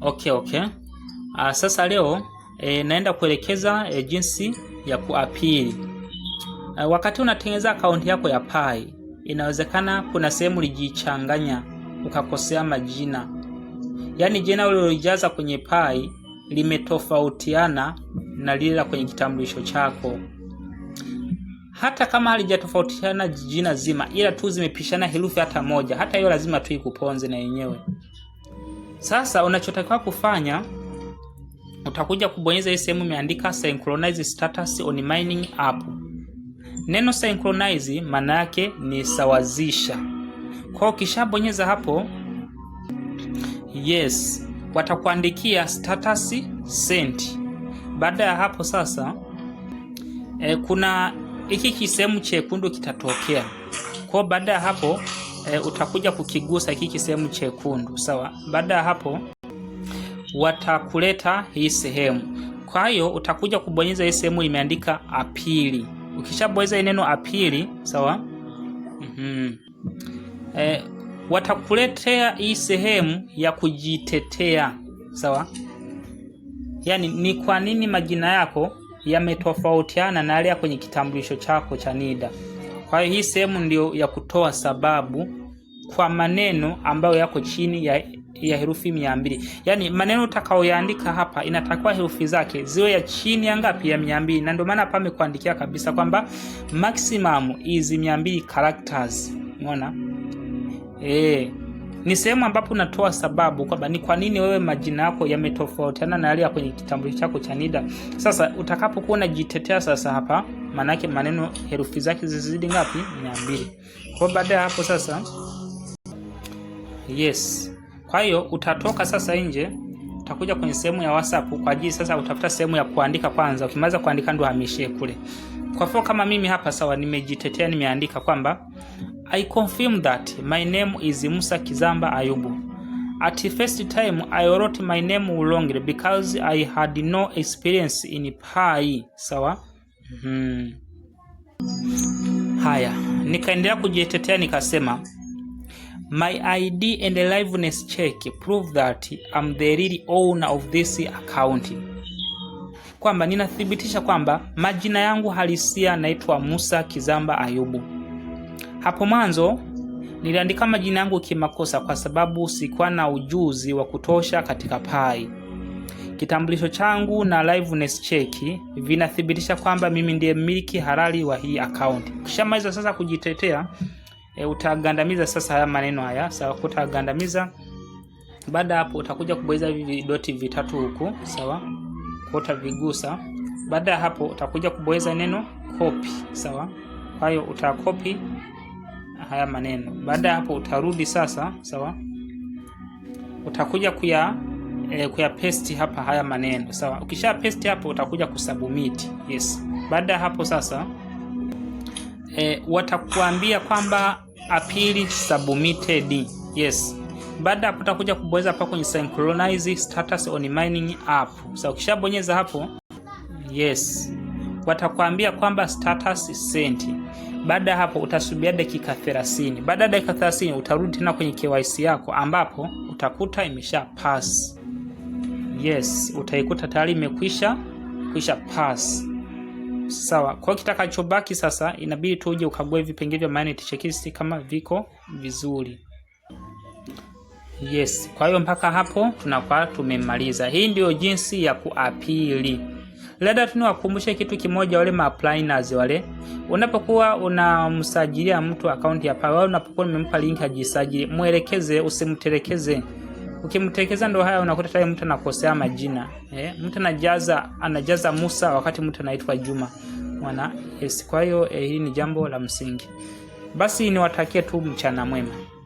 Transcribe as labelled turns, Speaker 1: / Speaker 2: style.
Speaker 1: Okay, okay. Aa, ah, sasa leo e, naenda kuelekeza e, jinsi ya kuapili. Ah, wakati unatengeneza akaunti yako ya Pai, inawezekana kuna sehemu lijichanganya ukakosea majina, yaani jina ulilojaza kwenye Pai limetofautiana na lile la kwenye kitambulisho chako. Hata kama halijatofautiana jina zima, ila tu zimepishana herufi hata moja, hata hiyo lazima tu ikuponze na yenyewe. Sasa unachotakiwa kufanya utakuja kubonyeza hii sehemu imeandika synchronize status on mining app. Neno synchronize maana yake ni sawazisha. Kwa ukishabonyeza hapo yes, watakuandikia status sent. Baada ya hapo sasa e, kuna hiki kisehemu chekundu kitatokea. Kwa baada ya hapo e, utakuja kukigusa hiki sehemu chekundu sawa. Baada ya hapo, watakuleta hii sehemu. Kwa hiyo utakuja kubonyeza hii sehemu imeandika apili. Ukishabonyeza neno apili sawa, mm -hmm. e, watakuletea hii sehemu ya kujitetea sawa, yaani ni kwa nini majina yako yametofautiana na yale ya kwenye kitambulisho chako cha NIDA. Kwa hiyo hii sehemu ndio ya kutoa sababu kwa maneno ambayo yako chini ya, ya herufi mia mbili. Yaani maneno utakaoyaandika hapa inatakiwa herufi zake ziwe ya chini ya ngapi? Ya mia mbili, na ndio maana hapa amekuandikia kabisa kwamba maximum is mia mbili characters. Umeona? Eh. Ni sehemu ambapo unatoa sababu kwamba ni kwa nini wewe majina yako yametofautiana na yale ya kwenye kitambulisho chako cha NIDA. Sasa utakapokuwa unajitetea sasa hapa, maanake maneno herufi zake zizidi ngapi? Mia mbili. Kwa baada ya hapo sasa, yes, kwa hiyo utatoka sasa nje utakuja kwenye sehemu ya WhatsApp kwa ajili sasa, utafuta sehemu ya kuandika kwanza. Ukimaliza kuandika, ndo hamishie kule. Kwa mfano kama mimi hapa, sawa, nimejitetea, nimeandika kwamba I confirm that my name is Musa Kizamba Ayubu. At first time I wrote my name wrongly because I had no experience in pai. Sawa? Mm -hmm. Haya, nikaendelea kujitetea nikasema my ID and liveness check prove that I'm the real owner of this account, kwamba ninathibitisha kwamba majina yangu halisia naitwa Musa Kizamba Ayubu. Hapo mwanzo niliandika majina yangu kimakosa kwa sababu sikuwa na ujuzi wa kutosha katika Pai. Kitambulisho changu na liveness check vinathibitisha kwamba mimi ndiye mmiliki halali wa hii account. Kishamaliza sasa kujitetea, e, utagandamiza sasa haya maneno haya. Sawa, kutagandamiza. Baada hapo utakuja kubonyeza hivi vidoti vitatu huku, sawa? Kwa vigusa. Baada ya hapo utakuja kubonyeza neno copy, sawa? Kwa hiyo utakopi haya maneno. Baada ya hapo utarudi sasa, sawa, utakuja kuya e, kuya paste hapa haya maneno sawa. Ukisha paste hapo utakuja kusubmit. Yes, baada ya hapo sasa e, watakuambia kwamba appeal submitted. Yes, baada hapo utakuja kubonyeza hapa kwenye synchronize status on mining app. Sawa, ukishabonyeza hapo yes watakwambia kwamba status sent. Baada ya hapo utasubiria dakika 30. Baada ya dakika 30 utarudi tena kwenye KYC yako ambapo utakuta imesha pass. Yes, utaikuta tayari imekwisha kwisha pass. Sawa. Kwa kitakachobaki sasa inabidi tu uje ukague vipengele vya magnet checklist kama viko vizuri. Yes, kwa hiyo mpaka hapo tunakuwa tumemaliza. Hii ndiyo jinsi ya kuapili labda tuniwakumbushe kitu kimoja, wale mapliners wale, unapokuwa unamsajilia mtu akaunti ya pale, unapokuwa umempa link ajisajili, mwelekeze, usimtelekeze. Ukimtelekeza ndo haya, unakuta tayari mtu anakosea majina eh, mtu anajaza anajaza Musa wakati mtu anaitwa Juma mwana yes. Kwa hiyo eh, hii ni jambo la msingi. Basi niwatakie tu mchana mwema.